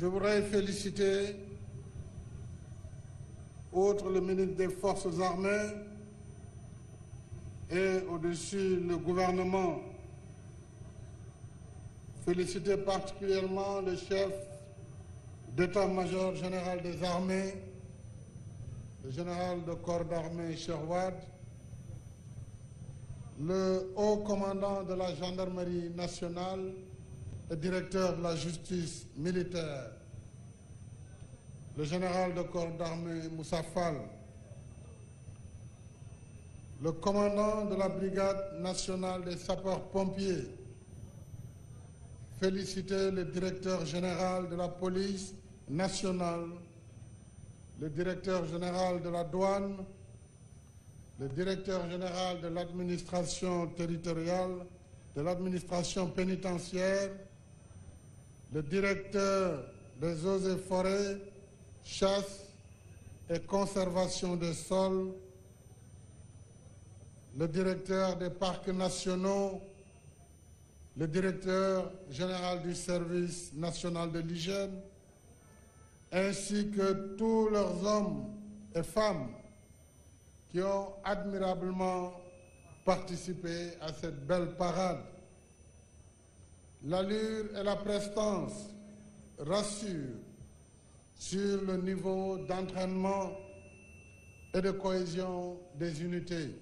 Je voudrais féliciter, outre le ministre des Forces armées et au-dessus le gouvernement, féliciter particulièrement le chef d'état-major général des armées, le général de corps d'armée Cherouad, le haut commandant de la gendarmerie nationale le directeur de la justice militaire, le général de corps d'armée Moussa Fall, le commandant de la brigade nationale des sapeurs-pompiers, féliciter le directeur général de la police nationale, le directeur général de la douane, le directeur général de l'administration territoriale, de l'administration pénitentiaire, le directeur de eaux et forêts, chasse et conservation des sols, le directeur des parcs nationaux, le directeur général du service national de l'hygiène, ainsi que tous leurs hommes et femmes qui ont admirablement participé à cette belle parade L'allure et la prestance rassurent sur le niveau d'entraînement et de cohésion des unités.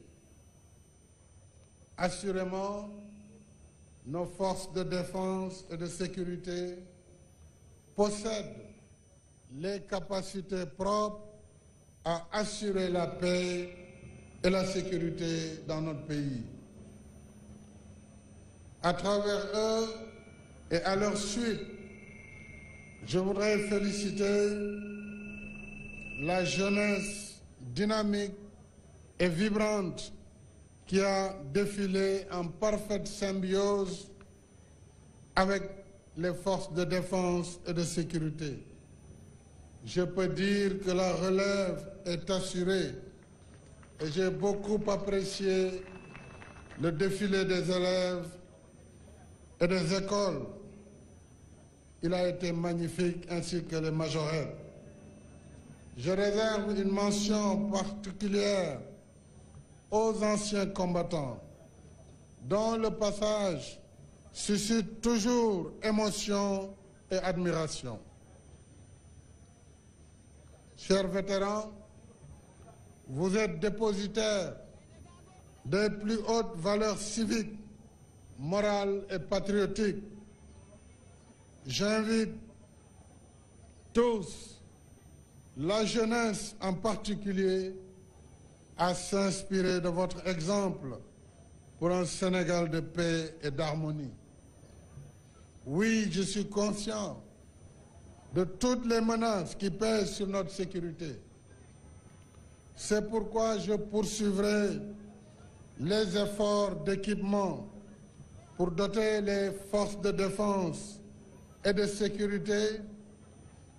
Assurément, nos forces de défense et de sécurité possèdent les capacités propres à assurer la paix et la sécurité dans notre pays. À travers eux, à leur suite, je voudrais féliciter la jeunesse dynamique et vibrante qui a défilé en parfaite symbiose avec les forces de défense et de sécurité. Je peux dire que la relève est assurée et j'ai beaucoup apprécié le défilé des élèves et des écoles Il a été magnifique ainsi que les majorelles. Je réserve une mention particulière aux anciens combattants, dont le passage suscite toujours émotion et admiration. Chers vétérans, vous êtes dépositaires des plus hautes valeurs civiques, morales et patriotiques J'invite tous, la jeunesse en particulier, à s'inspirer de votre exemple pour un Sénégal de paix et d'harmonie. Oui, je suis conscient de toutes les menaces qui pèsent sur notre sécurité. C'est pourquoi je poursuivrai les efforts d'équipement pour doter les forces de défense et de sécurité,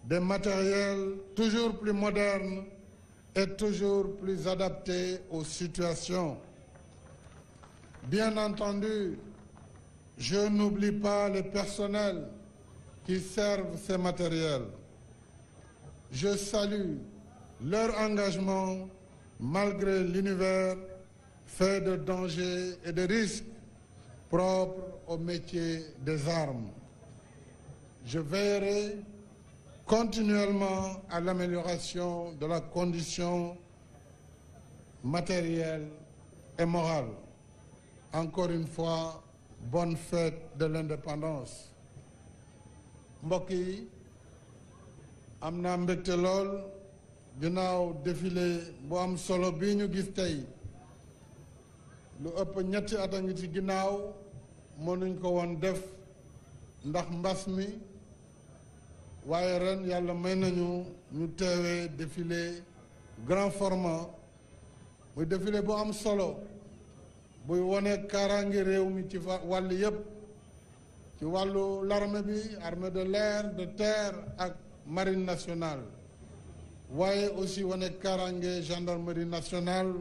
des matériels toujours plus modernes et toujours plus adaptés aux situations. Bien entendu, je n'oublie pas les personnels qui servent ces matériels. Je salue leur engagement malgré l'univers fait de dangers et de risques propres au métier des armes. je veillerai continuellement à l'amélioration de la condition matérielle et morale. Encore une fois, bonne fête de l'indépendance. mbokk yi am naa mbégte lool ginnaaw défilé bu am solo bii ñu gis tey lu ëpp ñetti at ci ginnaaw mënuñ ko woon def ndax mbas mi waaye ren yàlla may nañu ñu teewee défilé grand format muy défilé bu am solo buy wone kaaraange réew mi ci wàll yépp ci wàllu l'armée bi armée de l'air de terre ak marine nationale waaye aussi wone kaaraange gendarmerie nationale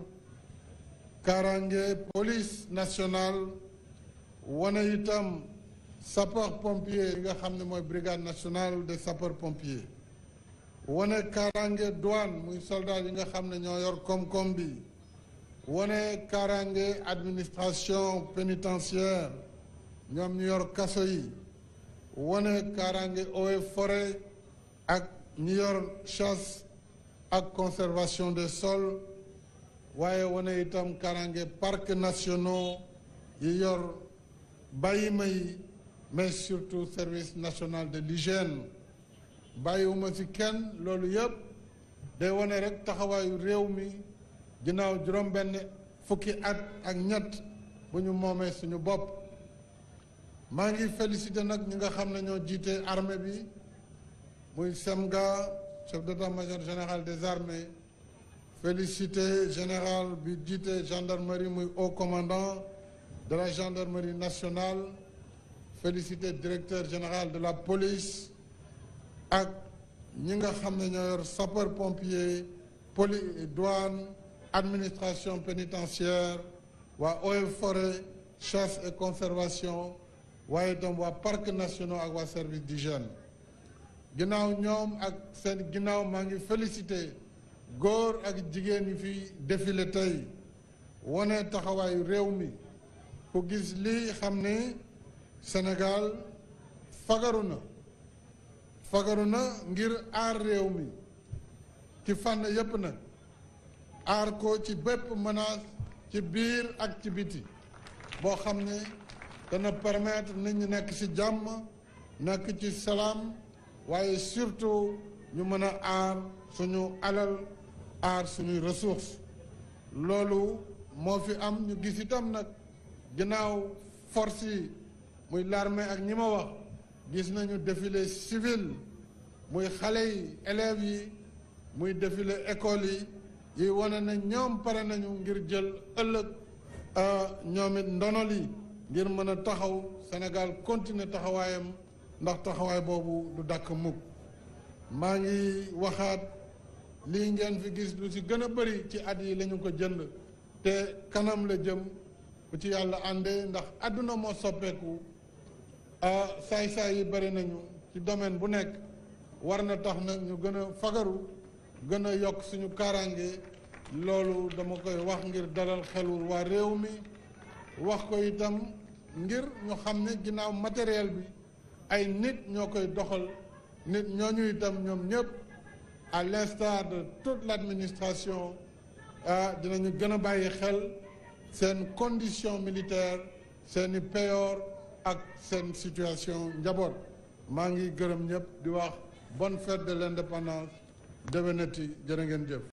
kaaraange police nationale wone itam sapeur pompier yi nga xam ne mooy brigade nationale de sapeurs pompier wane kaaraange douane muy soldat yi nga xam ne ñoo yor koom-koom bi wane kaaraange administration pénitentiaire ñoom ñu yor kaso yi wane kaaraange eaux forêt ak ñu yor chasse ak conservation des sols waaye wane itam kaaraange parcs nationaux yi yor bàyyima yi mais surtout service national de l'hygiène bàyyiwuma ci kenn loolu yëpp day wane rek taxawaayu réew mi ginnaaw juróom-benn fukki at ak ñett bu ñu moomee suñu bopp maa ngi félicité nag ñi nga xam nañoo jiite armée bi muy semga chef d'état-major général des armées félicité général bi jiite gendarmerie muy haut commandant de la gendarmerie nationale féliciter directeur général de la police ak ñi nga xam ne ñoo yor sapeur pompier poli douane administration pénitentiaire waa eaux et forêt chasse et conservation waaye itam waa parcs nationaux ak waa service d'hygiène ginnaaw ñoom ak seen ginnaaw maa ngi féliciter góor ak jigéen yi fi défilé tey wone taxawaayu réew mi ku gis lii xam ne Sénégal fagaru na fagaru na ngir aar réew mi ci fànn yépp nag aar ko ci bépp menace ci biir ak ci biti boo xam ne dana permettre nit ñu nekk ci jàmm nakk ci salaam waaye surtout ñu mën a aar suñu alal aar suñuy ressources loolu moo fi am ñu gis itam nag ginnaaw force muy l'armée ak ñi ma wax gis nañu défilé civil muy xale yi élèves yi muy défilé école yi yi wane na ñoom pare nañu ngir jël ëllëg euh, ñoom it ndonol yi ngir mën a taxaw Sénégal continuer taxawaayam ndax taxawaay boobu du dàkk mukk maa ngi waxaat lii ngeen fi gis lu ci gën a bëri ci at yi lañu ko jënd te kanam la jëm ku ci yàlla àndee ndax àdduna moo soppeeku saay-saay yi bëri nañu ci domaine bu nekk war na tax nag ñu gën a fagaru gën a yokk suñu kaaraange loolu dama koy wax ngir daral xelu waa réew mi wax ko itam ngir ñu xam ne ginnaaw matériel bi ay nit ñoo koy doxal nit ñooñu itam ñoom ñëpp à l'instar de toute l'administration euh, dinañu gën a bàyyi xel seen condition militaire seeni payoor ak seen situation njaboot maa ngi gërëm ñëpp di wax bonne fête de l'indépendance déwénati jërë ngeen jëf